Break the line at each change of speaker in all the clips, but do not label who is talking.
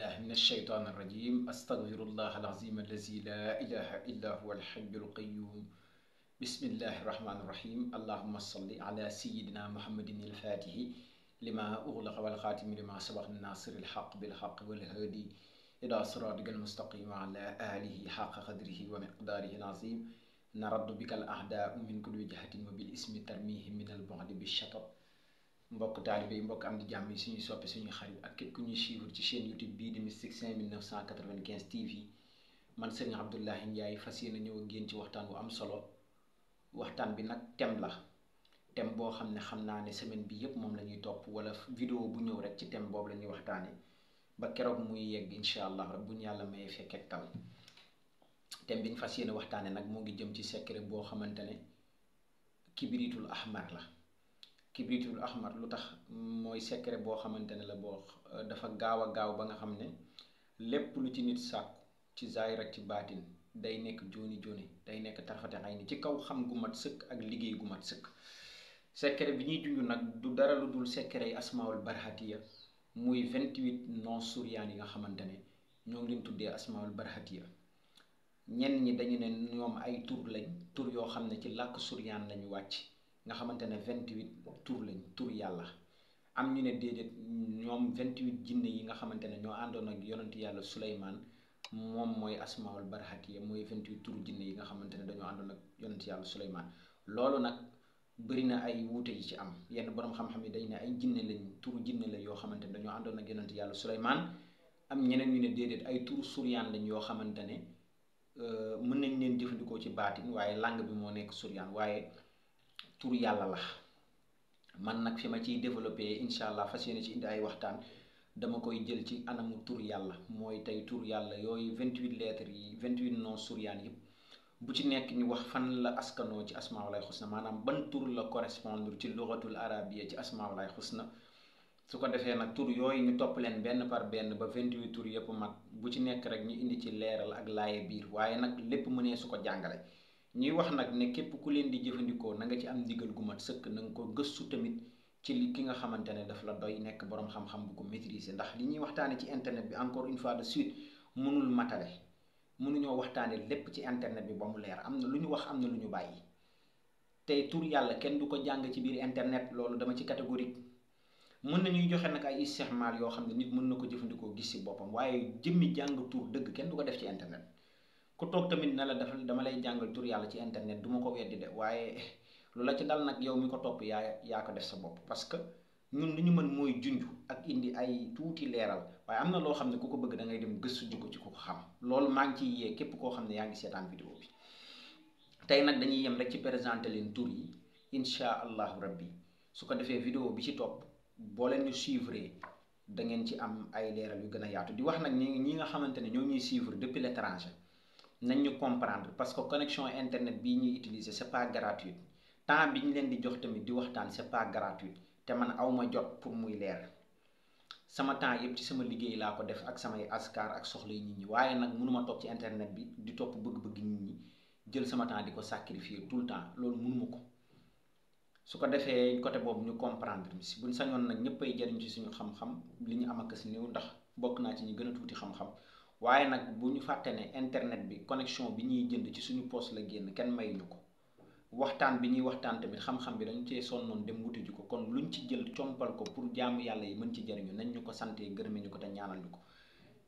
بالله من الشيطان الرجيم أستغفر الله العظيم الذي لا إله إلا هو الحي القيوم بسم الله الرحمن الرحيم اللهم صل على سيدنا محمد الفاتح لما أغلق والخاتم لما سبق الناصر الحق بالحق والهادي إلى صراطك المستقيم على آله حق قدره ومقداره العظيم نرد بك الأعداء من كل جهة وبالاسم ترميهم من البعد بالشطط mbokk taalibe yi mbokk am di jàmm yi suñuy soppi suñu xarit ak képp ku ñuy suivre ci chaîne YouTube bii di Mystique 5995 TV man Serigne Abdoulaye Ndiaye fas yéene ñëw ak ci waxtaan bu am solo waxtaan bi nag thème la thème boo xam ne xam naa ne semaine bi yëpp moom la ñuy topp wala vidéo bu ñëw rek ci thème boobu la ñuy waxtaanee ba keroog muy yegg incha allah rek bu ñu yàlla maye fekk ak tal thème bi ñu fas yéene waxtaanee nag moo ngi jëm ci secret boo xamante ne kibiritul ahmar la. kibritul ahmar lu tax mooy secret boo xamante ne la boo euh, dafa gaaw a gaaw ba nga xam ne lépp lu ci nit sàkku ci zaahir ak ci baatin day nekk jooni jooni day nekk tarfate ay ni ci kaw xam gu mat sëkk ak liggéey gu mat sëkk secret bi ñuy junj nag du dara lu dul secret yi asmaul barhatiya muy 28 non suryaan yi nga xamante ne ñoo ngi leen tuddee asmaul barhatiya ñenn ñi dañu ne ñoom ay tur lañ tur yoo xam ne ci làkk suryaan lañu wàcc nga xamante ne vingt-huit tur lañ tur yàlla am ñu ne déedéet ñoom vingt-huit jinne yi nga xamante ne ñoo àndoon ak yonent yàlla Suleymaan moom mooy asmaul barahatiya mooy vingt-huit turu yi nga xamante ne dañoo àndoon ak yonent yàlla Suleymaan loolu nag bëri na ay wute yi ci am yenn boroom xam-xam yi dañ ne ay jinne lañ turu jinne la yoo xamante ne dañoo àndoon ak yonent yàlla Suleymaan am ñeneen ñu ne déedéet ay turu suryaan lañ yoo xamante ne euh, mën nañ leen jëfandikoo ci baatin waaye langue bi moo nekk suryaan waaye tur yàlla la man nag fi ma ciy développé incha allah fas ci indi ay waxtaan dama koy jël ci anamu tur yàlla mooy tey tur yàlla yooyu vingt 28 lettres yi vingt 28 noms suryaan yëpp bu ci nekk ñu wax fan la askano ci asmaawulay xusna maanaam ban tur la correspondre ci luxatul arabiya ci asmaawulay xusna su ko defee nag tur yooyu ñu topp leen benn par benn ba 28 tur yëpp mat bu ci nekk rek ñu indi ci leeral ak laaye biir waaye nag lépp mënee su ko jàngale. ñuy wax nag ne képp ku leen di jëfandikoo na nga ci am digal gu mat sëkk na nga ko gëstu tamit ci ki nga xamante ne daf la doy nekk borom xam-xam bu ko maîtriser ndax li ñuy waxtaanee ci internet bi encore une fois de suite mënul matale mënuñoo waxtaane lépp ci internet bi ba mu leer am na lu ñu wax am na lu ñu bàyyi tey tur yàlla kenn du ko jàng ci biir internet loolu dama ci catégorique mën ñuy joxe nag ay istixmaal yoo xam ne nit mën na ko jëfandikoo gis si boppam waaye jëmmi jàng tur dëgg kenn du ko def ci internet ku tok tamit na la dafa dama lay jangal tur yalla ci internet duma ko weddi de waye lu la ci dal nak yow mi ko top ya ya ko def sa bop parce que ñun li ñu mën moy ak indi ay tuuti leral waye amna lo xamne ku ko bëgg da ngay dem gëstu jikko ci ku ko xam lool ma ngi ci yé képp ko xamne ya ngi sétan vidéo bi tay nak dañuy yëm rek ci présenter leen tour yi insha allah rabbi su ko defee vidéo bi ci top bo leen ñu suivre da ngeen ci am ay leral yu gëna yaatu di wax nak ñi nga xamantene ñoo ñuy suivre depuis l'étranger nañ ñu hmm. comprendre parce que connexion internet bi ñuy utiliser c'est pas gratuit temps bi ñu leen di jox tamit di waxtaan c'est pas gratuit te man awma jot pour muy leer sama temps yépp ci sama liggéey laa ko def ak samay askar ak soxla yi ñi waaye nag mënuma toog ci internet bi di topp bëgg-bëgg nit ñi jël sama temps di ko sacrifier tout le temps loolu mënuma ko su ko defee côté boobu ñu comprendre si buñ sañoon nag ñëppay jëriñ ci suñu xam-xam li ñu am ak si néew ndax bokk naa ci ñi gën a tuuti xam-xam waaye nag bu ñu fàtte ne internet bi connexion bi ñuy jënd ci suñu poste la génn kenn mayuñu ko waxtaan bi ñuy waxtaan tamit xam-xam bi dañu cee sonnoon dem wuti ji ko kon luñ ci jël compal ko pour jaamu yàlla yi mën ci jariñu nañ ñu ko sante gërëme ñu ko te ñaanal ñu ko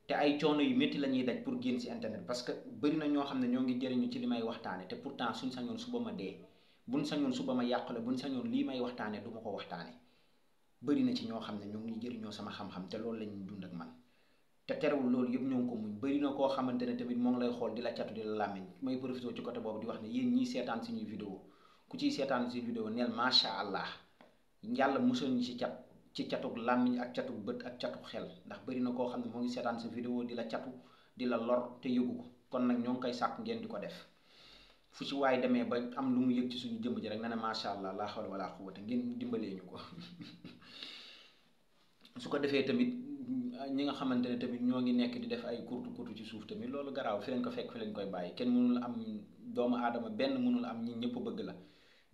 te ay coono yu métti la ñuy daj pour génn ci internet parce que bëri ñoo xam ne ñoo ngi jëriñu ci li may waxtaane te pourtant suñ sañoon suba ma dee buñ sañoon suba ma yàqule buñ sañoon lii may waxtaane du ma ko waxtaane bëri na ci ñoo xam ne ñoo ngi jëriñoo sama xam te loolu lañuy dund ak man te terewul loolu yëpp ñoo ngi ko muñ bëri na koo xamante ne tamit moo ngi lay xool di la catu di la làmmiñ may profité ci côté boobu di wax ne yéen ñiy seetaan suñuy vidéo ku ciy seetaan suñuy vidéo neel macha allah yàlla musal ñu ci cat ci catug làmmiñ ak catug bët ak catug xel ndax bëri na koo xam ne moo ngi seetaan sa di la catu di la te yëgu ko kon nag ñoo ngi koy sàkk ngeen di ko def fu ci waaye demee ba am lu mu yëg ci suñu jëmm ji rek na ne macha allah laa xawla wala quwwata ngeen dimbalee ñu ko su ko defee tamit ñi nga xamante ne tamit ñoo ngi nekk di def ay kurtu kurtu ci suuf tamit loolu garaaw fi lañ ko fekk fi lañ koy bàyyi kenn mënul am doomu aadama benn mënul am ñi ñëpp bëgg la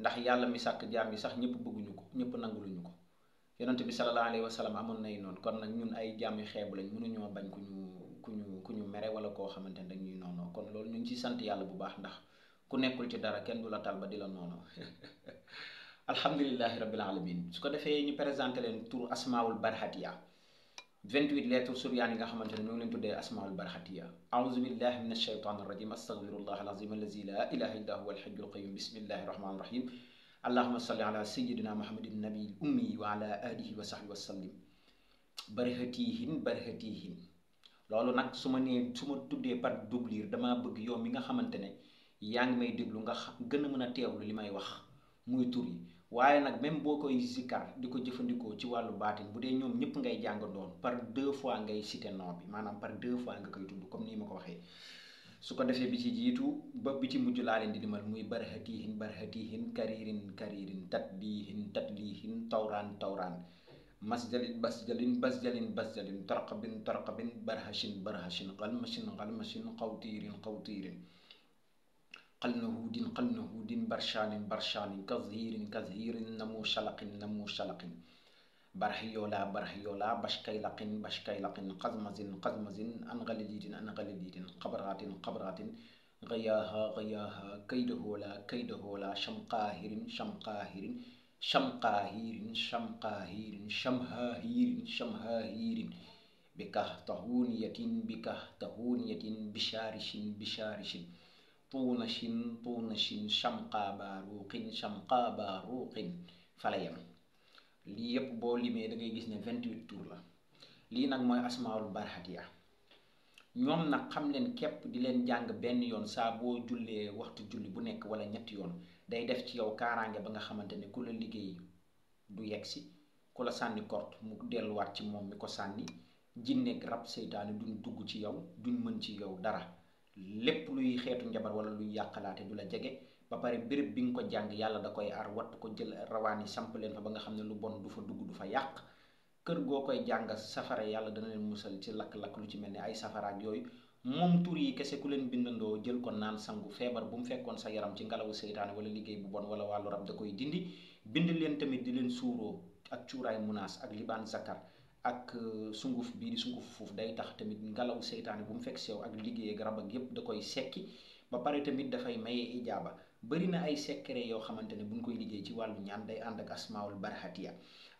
ndax yàlla mi sàkk jaam yi sax ñëpp bëgguñu ko ñëpp nanguluñu ko yonent bi sallallahu alayhi wa amoon nay noonu kon nag ñun ay jàmmi yu xeebu lañ mënuñoo bañ ku ñu ku ñu ku ñu mere wala koo xamante ne dañuy noonu kon loolu ñu ngi ciy sant yàlla bu baax ndax ku nekkul ci dara kenn du la tal ba di la noonu alhamdulilahi rabbil alamin su ko defee ñu présenté leen tur asmaul barhatiya 28 lettres suryaan yi nga xamante ne ñoo ngi leen tuddee asmaul barhatiya aouzu billahi min alsheytan irrajim astahfirullah alazim allazi la ilaha illa huwa alhayyul qayyum bismillahi rahmani rahim allahuma salli ala sayidina muhammadin nabil ummi wa ala alihi wa sahbi wasallim barhatihin barhatihin loolu nag su ma nee su ma tuddee par doublure damaa bëgg yow mi nga xamante ne yaa ngi may déglu nga gën a mën a teewlu li may wax muy tur yi waaye nag même boo koy zikkar di ko jëfandikoo ci wàllu baatin bu dee ñoom ñëpp ngay jàng doon par deux fois ngay cité nom bi maanaam par deux fois nga koy tudd comme nii ma ko waxee su ko defee bi ci jiitu ba bi ci mujj laa leen di dimal muy barxatiihin barxatiihin kariirin kariirin tatliihin tatliihin tawraan tawraan masjalin basjalin basjalin basjalin tarqabin tarqabin barxashin barxashin xalmashin xalmashin xawtiirin xawtiirin قلن هود قلن هود برشان برشان كظهير كظهير نمو شلق نمو شلق برهيولا برهيولا بشكيلق بشكيلق قزمز قزمز أنغلديد أنغلديد قبرات قبرات غياها غياها كيدهولا كيدهولا شمقاهر شمقاهر شمقاهير شمقاهير شمهاهير شمهاهير بكه بكهتهونية بشارش بشارش, بشارش punashin punashin tuuna shin shamqa baruqin shamqa baruqin fa la yem lii yépp boo limee da ngay gis ne 28 tour la lii nag mooy asmaul barhatiya ñoom nag xam leen képp di leen jàng benn yoon saa boo jullee waxtu julli bu nekk wala ñetti yoon day def ci yow kaaraange ba nga xamante ne ku la liggéey du yegg si ku la sànni kort mu delluwaat ci moom mi ko sànni jinneeg rab seytaane duñ dugg ci yow duñ mën ci yow dara lépp luy xeetu njabar wala luy yàqalaate du la jege ba pare béréb bi nga ko jàng yàlla da koy ar wattu ko jël rawaan yi samp leen fa ba nga xam ne lu bon du fa dugg du fa yàq kër goo koy jàng safara yàlla dana leen musal ci lakk-lakk lu ci mel ne ay safara yooyu moom tur yi kese ku leen bindandoo jël ko naan sangu feebar bu mu fekkoon sa yaram ci ngelawu seytaane wala liggéey bu bon wala wàllu rab da koy dindi bind leen tamit di leen suuroo ak cuuraay munaas ak libaan zakar ak euh, sunguf bii di sunguf foofu day tax tamit ngelaw seytaane bu mu fekk sew ak liggéey garab ak yépp da koy sekki ba pare tamit dafay maye ijaaba bëri na ay secret yoo xamante ne buñ koy liggéey ci wàllu ñaan day ànd ak asmaul barhatiya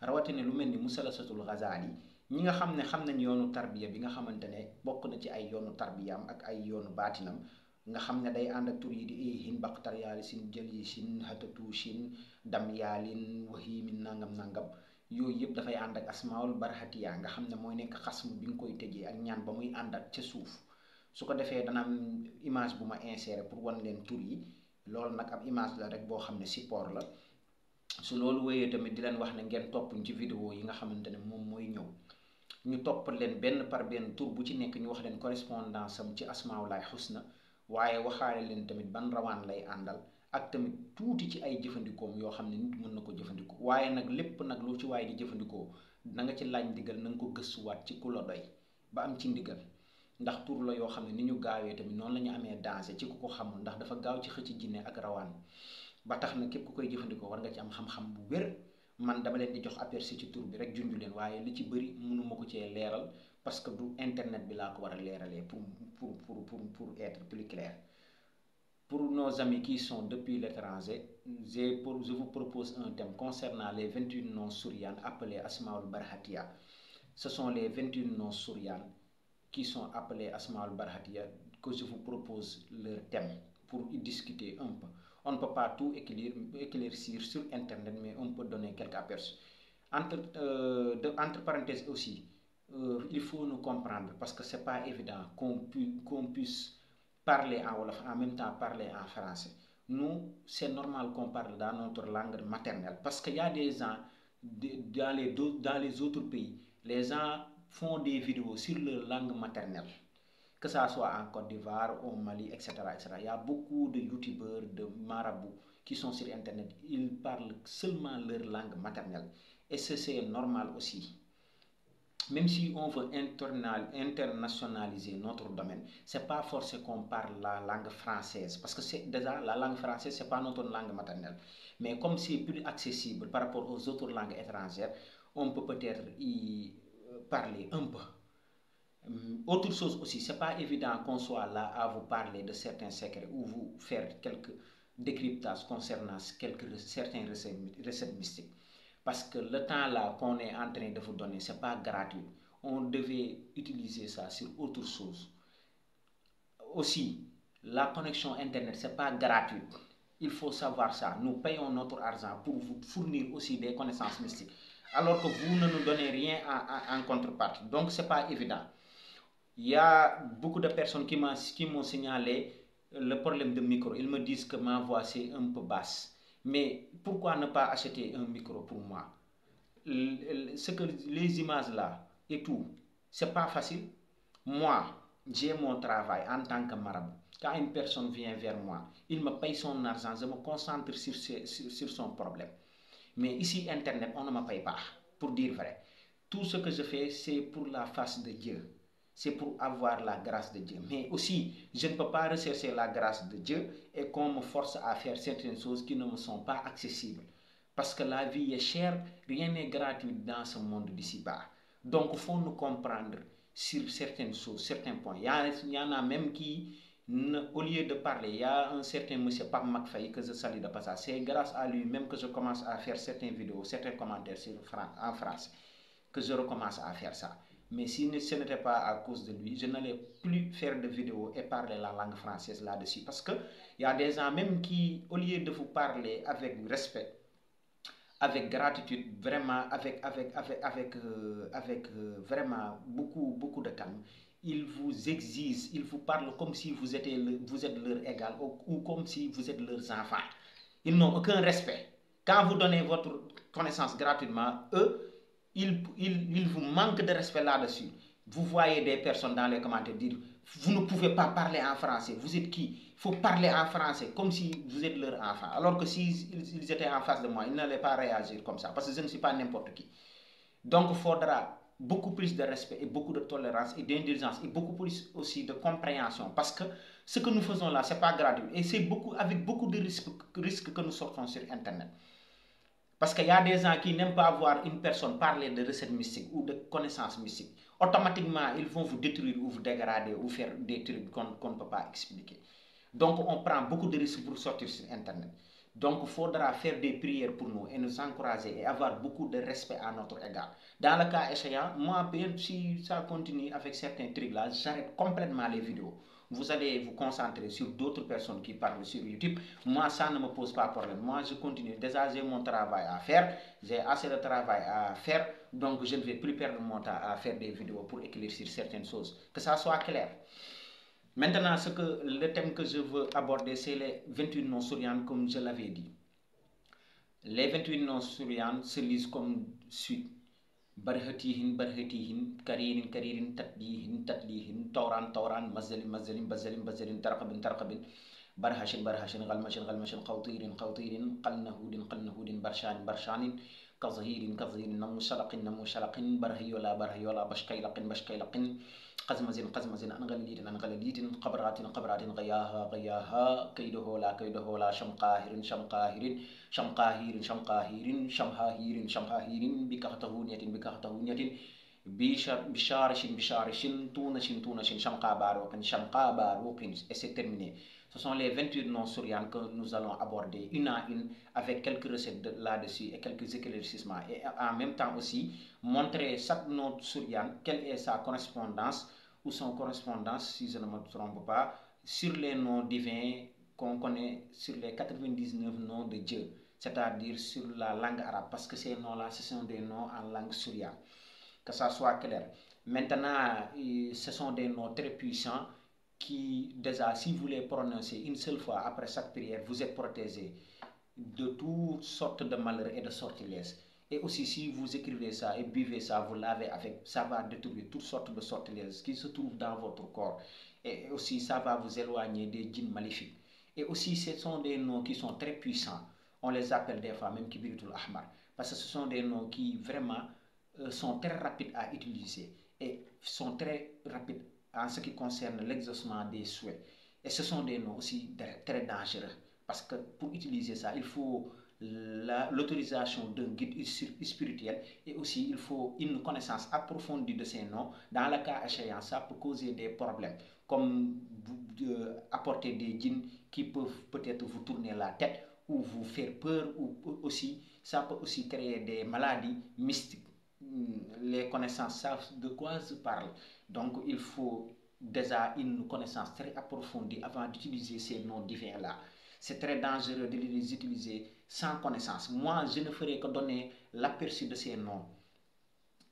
rawatina lu mel ni mu musalasatul yi ñi nga xam ne xam nañ yoonu tarbiya bi nga xamante ne bokk na ci ay yoonu tarbiyaam ak ay yoonu baatinam nga xam ne day ànd ak tur yi di ihin baqtar yaali sin jëli sin hatatu sin dam yaalin nangam nangam yooyu yëpp dafay ànd ak asmaul barxatiya nga xam ne mooy nekk xasm bi ñu koy tëjee ak ñaan ba muy ànd ak ca suuf su ko defee dana am image bu ma insérer pour wan leen tur yi loolu nag ab image la rek boo xam ne support la su loolu wéyee tamit di leen wax ne ngeen topp ci vidéo yi nga xamante ne moom mooy ñëw ñu topp leen benn par benn tur bu ci nekk ñu wax leen correspondance am ci laay lay na waaye waxaale leen tamit ban rawaan lay àndal ak tamit tuuti ci ay jëfandikoom yoo xam ne nit mën na ko jëfandikoo waaye nag lépp nag lu ci waaye di jëfandikoo na nga ci laaj ndigal na nga ko gëstuwaat ci ku la doy ba am ci ndigal ndax tur la yoo xam ne ni ñu gaawee tamit noonu la ñu amee danger ci ku ko xamul ndax dafa gaaw ci xëcc jinne ak rawaan ba tax na képp ku koy jëfandikoo war nga ci am xam-xam bu wér man dama leen di jox aperçu ci tur bi rek junju leen waaye li ci bëri mënuma ko cee leeral parce que du internet bi laa ko war a leeralee pour pour pour pour pour être plus Pour nos amis qui sont depuis l'étranger, je vous propose un thème concernant les 21 noms souriants appelés Asmaul Barhatia. Ce sont les 21 noms souriants qui sont appelés Asmaul Barhatia que je vous propose leur thème pour y discuter un peu. On ne peut pas tout éclaircir sur Internet, mais on peut donner quelques aperçus. Entre, euh, entre parenthèses aussi, euh, il faut nous comprendre parce que ce n'est pas évident qu'on puisse parler en wolof en même temps parler en français nous c'est normal qu'on parle dans notre langue maternelle parce qu'il y a des gens dans les dans les autres pays les gens font des vidéos sur leur langue maternelle que ça soit en Côte d'Ivoire, au Mali, etc., etc. Il y a beaucoup de youtubeurs, de marabouts qui sont sur Internet. Ils parlent seulement leur langue maternelle. Et c'est normal aussi même si on veut internationaliser notre domaine, ce n'est pas forcément qu'on parle la langue française, parce que déjà la langue française, n'est pas notre langue maternelle. Mais comme c'est plus accessible par rapport aux autres langues étrangères, on peut peut-être y euh, parler un peu. Hum, autre chose aussi, ce n'est pas évident qu'on soit là à vous parler de certains secrets ou vous faire quelques décryptages concernant quelques, certaines recettes mystiques. Parce que le temps là qu'on est en train de vous donner, ce n'est pas gratuit. On devait utiliser ça sur autre chose. Aussi, la connexion Internet, ce n'est pas gratuit. Il faut savoir ça. Nous payons notre argent pour vous fournir aussi des connaissances mystiques. Alors que vous ne nous donnez rien en, en contrepartie. Donc, ce n'est pas évident. Il y a beaucoup de personnes qui m'ont signalé le problème de micro. Ils me disent que ma voix, c'est un peu basse. Mais pourquoi ne pas acheter un micro pour moi que les images là et tout, c'est pas facile. Moi, j'ai mon travail en tant que marabout. Quand une personne vient vers moi, il me paye son argent, je me concentre sur, sur son problème. Mais ici, Internet, on ne me paye pas, pour dire vrai. Tout ce que je fais, c'est pour la face de Dieu c'est pour avoir la grâce de Dieu. Mais aussi, je ne peux pas rechercher la grâce de Dieu et qu'on me force à faire certaines choses qui ne me sont pas accessibles. Parce que la vie est chère, rien n'est gratuit dans ce monde d'ici-bas. Donc, il faut nous comprendre sur certaines choses, certains points. Il y, en a même qui, au lieu de parler, il y a un certain monsieur, Pape McFay, que je salue de passage. C'est grâce à lui même que je commence à faire certaines vidéos, certains commentaires en France, que je recommence à faire ça. Mais si ce n'était pas à cause de lui, je n'allais plus faire de vidéos et parler la langue française là-dessus. Parce qu'il y a des gens même qui, au lieu de vous parler avec respect, avec gratitude, vraiment, avec, avec, avec, avec, euh, euh, vraiment beaucoup, beaucoup de calme, ils vous exigent, ils vous parlent comme si vous, étiez vous êtes leur égal ou, ou comme si vous êtes leurs enfants. Ils n'ont aucun respect. Quand vous donnez votre connaissance gratuitement, eux, il, vous manque de respect là-dessus. Vous voyez des personnes dans les commentaires dire vous ne pouvez pas parler en français. Vous êtes qui Il faut parler en français, comme si vous êtes leur enfant. Alors que s'ils étaient en face de moi, ils n'allaient pas réagir comme ça, parce que je ne suis pas n'importe qui. Donc, il faudra beaucoup plus de respect et beaucoup de tolérance et d'indulgence et beaucoup plus aussi de compréhension, parce que ce que nous faisons là, ce n'est pas gratuit. Et c'est beaucoup, avec beaucoup de risques que nous sortons sur Internet. Parce qu'il y a des gens qui n'aiment pas voir une personne parler de recettes mystiques ou de connaissances mystiques. Automatiquement, ils vont vous détruire ou vous dégrader ou faire des trucs qu'on ne peut pas expliquer. Donc, on prend beaucoup de risques pour sortir sur Internet. Donc, il faudra faire des prières pour nous et nous encourager et avoir beaucoup de respect à notre égard. Dans le cas échéant, moi, si ça continue avec certains trucs-là, j'arrête complètement les vidéos vous allez vous concentrer sur d'autres personnes qui parlent sur YouTube. Moi, ça ne me pose pas problème. Moi, je continue. Déjà, j'ai mon travail à faire. J'ai assez de travail à faire. Donc, je ne vais plus perdre mon temps à faire des vidéos pour éclaircir certaines choses. Que ça soit clair. Maintenant, ce que, le thème que je veux aborder, c'est les 28 non souriantes, comme je l'avais dit. Les 28 non souriantes se lisent comme suit. برهتيهن برهتيهن كريرين كريرين تتليهن تتليهن توران توران مزلين مزلين بزلين بزلين ترقب ترقب برهش برهش غلمش غلمش قوطيرين قوطيرين قلنهود قلنهود برشان برشانين كظهير كظهير نمو شرق نمو شرق برهيولا برهيولا قزم زين أنغل ليدن أنغل ليدن قبرات قبرات غياها غياها كيده كيده شم شم قاهر قاهر كيدهولا كيدهولا شمقاهر شمقاهر شمقاهر شمقاهر شمهاهر شمهاهر بكهتهونية بكهتهونية بشارش بشارش تونش تونش شم شمقا باروق شم باروق et اسي terminé Ce sont les 28 noms souriants que nous allons aborder une à une avec quelques recettes là-dessus et quelques éclaircissements. Et en même temps aussi, montrer chaque nom sourian, quelle est sa correspondance ou son correspondance, si je ne me trompe pas, sur les noms divins qu'on connaît sur les 99 noms de Dieu, c'est-à-dire sur la langue arabe, parce que ces noms-là, ce sont des noms en langue souriante. Que ça soit clair. Maintenant, euh, ce sont des noms très puissants qui, déjà, si vous les prononcez une seule fois après chaque prière, vous êtes protégé de toutes sortes de malheurs et de sortilèges. Et aussi, si vous écrivez ça et buvez ça, vous lavez avec, ça va détruire toutes sortes de sortilèges qui se trouvent dans votre corps. Et aussi, ça va vous éloigner des djinns maléfiques. Et aussi, ce sont des noms qui sont très puissants. On les appelle des fois même Kibiritul Ahmar. Parce que ce sont des noms qui vraiment euh, sont très rapides à utiliser et sont très rapides en ce qui concerne l'exaucement des souhaits. Et ce sont des noms aussi très dangereux parce que pour utiliser ça, il faut l'autorisation d'un guide spirituel et aussi il faut une connaissance approfondie de ces noms. Dans le cas échéant, ça peut causer des problèmes, comme apporter des djinns qui peuvent peut-être vous tourner la tête ou vous faire peur, ou aussi ça peut aussi créer des maladies mystiques Mm, les connaissances savent de quoi je parle. Donc, il faut déjà une connaissance très approfondie avant d'utiliser ces noms divins-là. C'est très dangereux de les utiliser sans connaissance. Moi, je ne ferai que donner l'aperçu de ces noms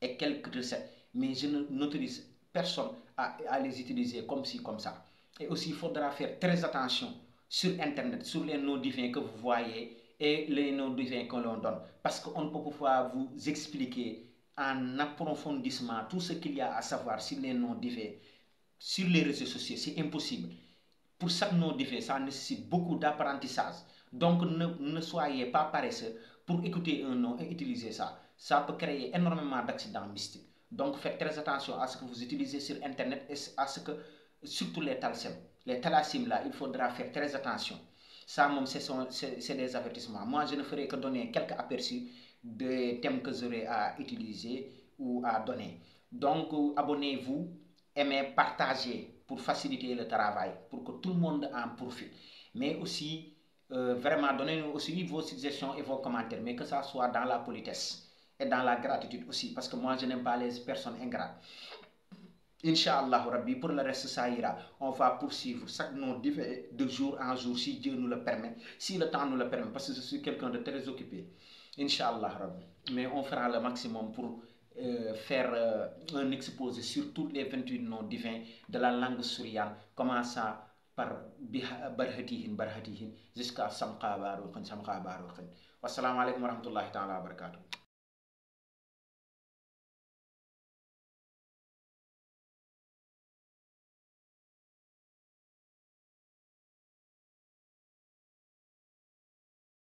et quelques recettes, mais je n'autorise personne à, les utiliser comme ci, comme ça. Et aussi, il faudra faire très attention sur Internet, sur les noms divins que vous voyez et les noms divins qu'on l'on donne. Parce qu'on ne peut pas vous expliquer en approfondissement tout ce qu'il y a à savoir sur les noms divers sur les réseaux sociaux. C'est impossible. Pour chaque nom divers, ça nécessite beaucoup d'apprentissage. Donc ne, ne, soyez pas paresseux pour écouter un nom et utiliser ça. Ça peut créer énormément d'accidents mystiques. Donc faites très attention à ce que vous utilisez sur Internet et à ce que, surtout les thalassémies. Les thalassémies, là, il faudra faire très attention. Ça, c'est des avertissements. Moi, je ne ferai que donner quelques aperçus des thèmes que j'aurai à utiliser ou à donner. Donc, abonnez-vous, aimez, partagez pour faciliter le travail, pour que tout le monde en profite. Mais aussi, euh, vraiment, donnez-nous aussi vos suggestions et vos commentaires, mais que ça soit dans la politesse et dans la gratitude aussi, parce que moi, je n'aime pas les personnes ingrates. Inch'Allah, Rabbi, pour le reste, ça ira. On va poursuivre chaque nos de jour en jour, si Dieu nous le permet, si le temps nous le permet, parce que je suis quelqu'un de très occupé. Inshallah, mais on fera le maximum pour euh, faire euh, un exposé sur tous les 28 noms divins de la langue souriane commençant par barhatihin barhatihin jusqu'à samqa baarwaxin samqa Wassalamu alaikum wa rahmatullahi wa